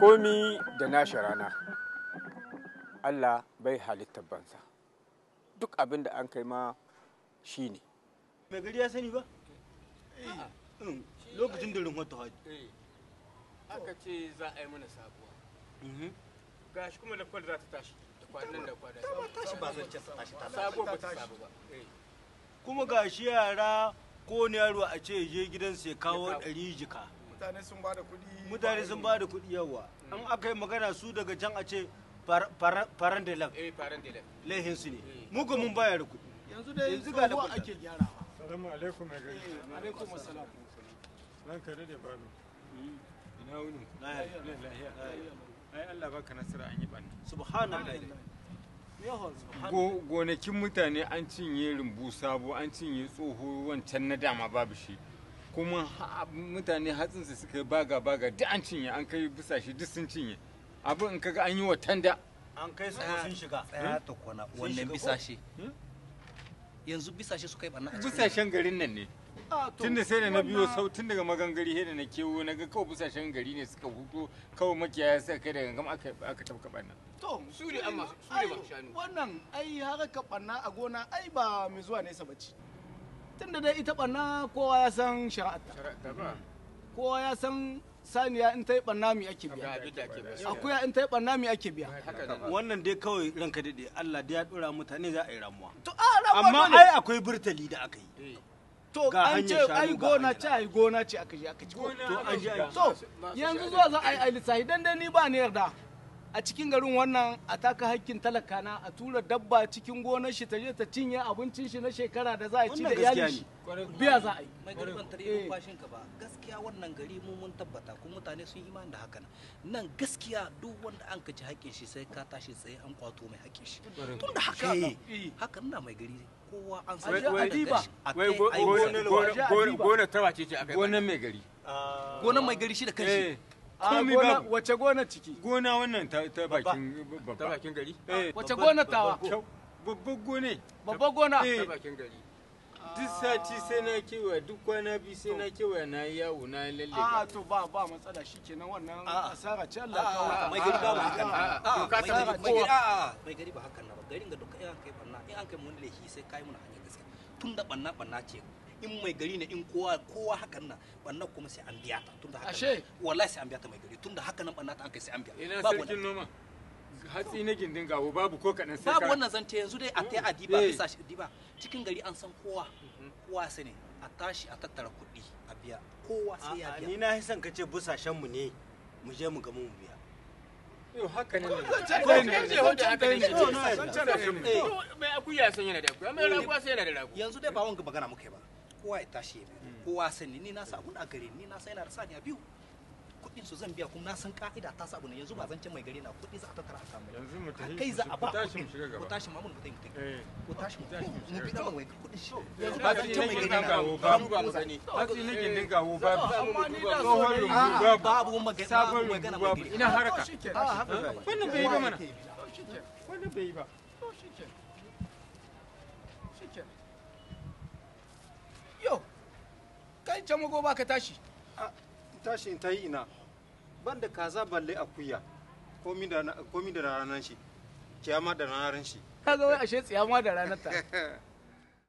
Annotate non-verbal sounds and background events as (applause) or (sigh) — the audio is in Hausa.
komi da nashi rana allah bai halittar banza duk abin da an kai ma shi ne mai gari ya sani ba eh. mm. lokacin da runwar ta haji eh. aka ce za a yi mana sabuwa mhm. gashi kuma lakwal za ta tashi da kwanan da kwanan tashi ba zan ce tashi ta sabuwa ba ta sabu eh. kuma gashi yara ko ne yaro a ce je gidan sai kawo ɗari jika mutane sun ba da kuɗi mutane sun ba da kuɗi yawa an aka yi magana su daga can a ce faran da lab lehin su ne hmm. mu ga mun bayar kuɗi yanzu da yanzu ga lafiya ake gyarawa salamu alaikum ya gari eh, alaikum assalam nan kare da babu hmm. ina wuni lahiya ai Allah baka nasara an yi banna subhanallah gonakin mutane an cinye rumbu sabo an cinye tsoho wancan na dama babu shi kuma mutane hatsinsu suka baga baga duk an cinye an kai bisa shi duk sun cinye abu in kaga an yi wa tanda an kai su sun shiga tsaya hmm? kona wannan bisashe hmm? yanzu bisashe su kai barna bisashen garin nan ne tun da sai da na biyo sau tun daga magangari sai da na kewo na ga kawai busashen gari ne suka huto kawai makiyaya sai kai da gangam aka tabka barna to su ne amma su ne ba shanu wannan ai haka ka barna a gona ai ba mai zuwa nesa bace tunda dai ita barna kowa ya san shari'arta kowa ya san saniya in ta yi barna mi ake biya akuya in ta yi barna mi ake biya wannan dai kawai ranka daɗe Allah da ya dora mutane za a yi ramuwa amma ai akwai burtali da aka yi eh. to an ce ai gona ce ai gona ce aka je aka ci to yanzu zuwa za a yi lissafi dan dai ni ba ni yarda a cikin garin wannan a taka hakkin talaka na a tura dabba cikin gonar shi ta je ta cinye abincin shi na shekara da za a ci da iyali shi biya za a yi mai garban ba bashin ka ba gaskiya wannan gari mu mun tabbata kuma mutane sun imani da hakan nan gaskiya duk wanda an kaci hakkin shi sai ka tashi tsaye an kwato mai hakkin shi tun da haka haka na mai gari kowa an san shi adiba wai gona ta wace ce a kai gona mai gari gona mai gari shi da kanshi komi ah, ba wace gona ciki gona wannan ta bakin babba ta bakin gari eh, ah, wace gona tawa babban gone babban gona eh. ta bakin gari duk sati sai na kewa duk kwana biyu sai na kewa na yawo na lalle a ah, to ba ba matsala shikenan wannan asara ce Allah ka kawo mai gari ba mai gari a ba hakan na ba garin ga duk an kai banna in kai mun lehi sai kai mun hanya gaskiya tun da banna banna ce in mai gari ne in kowa kowa hakan nan banna kuma sai an biya ta tunda haka ashe wallahi sai an biya ta mai gari tunda haka nan banna ta an kai sai an biya ina sarkin noma hatsi na gindin gawo babu ko kadan sai babu wannan zance yanzu dai a tai a diba bisa eh. shi diba cikin gari an san kowa kowa sai ne a tashi a tattara kuɗi a biya kowa sai ya biya ni na san kace busashen mu ne mu je mu ga mu biya yau haka ne ne ko ne je hoto haka ne ne mai akuya san yana da akuya mai eh. rakuwa sai yana da rakuwa yanzu dai ba wanga magana muka ba kowa ya tashi ya kowa sani ni na samu na gare ni na sai na rasa ni a biyu kuɗin su zan biya kuma na san ka'ida ta sabu ne yanzu ba zan can mai gari na kuɗi za a tattara a samu yanzu mu tafi kai za a ba kuɗin ku tashi mamun ku tafi ku tashi mu bi dawo mai kuɗin shi yanzu ba zan can mai gari na ba mu ba mu sani hatsi ne kin dinga wo ba tsohon rumbu ba babu magana sabon rumbu ba ina haraka wannan bai yi ba mana wannan bai yi ba shike shike kai can mago ba ka tashi ta yi ina ban da kaza balle akuya komi da ranar shi ciyama da ranar shi kaga wai ashe tsiyama da ranar ta (laughs)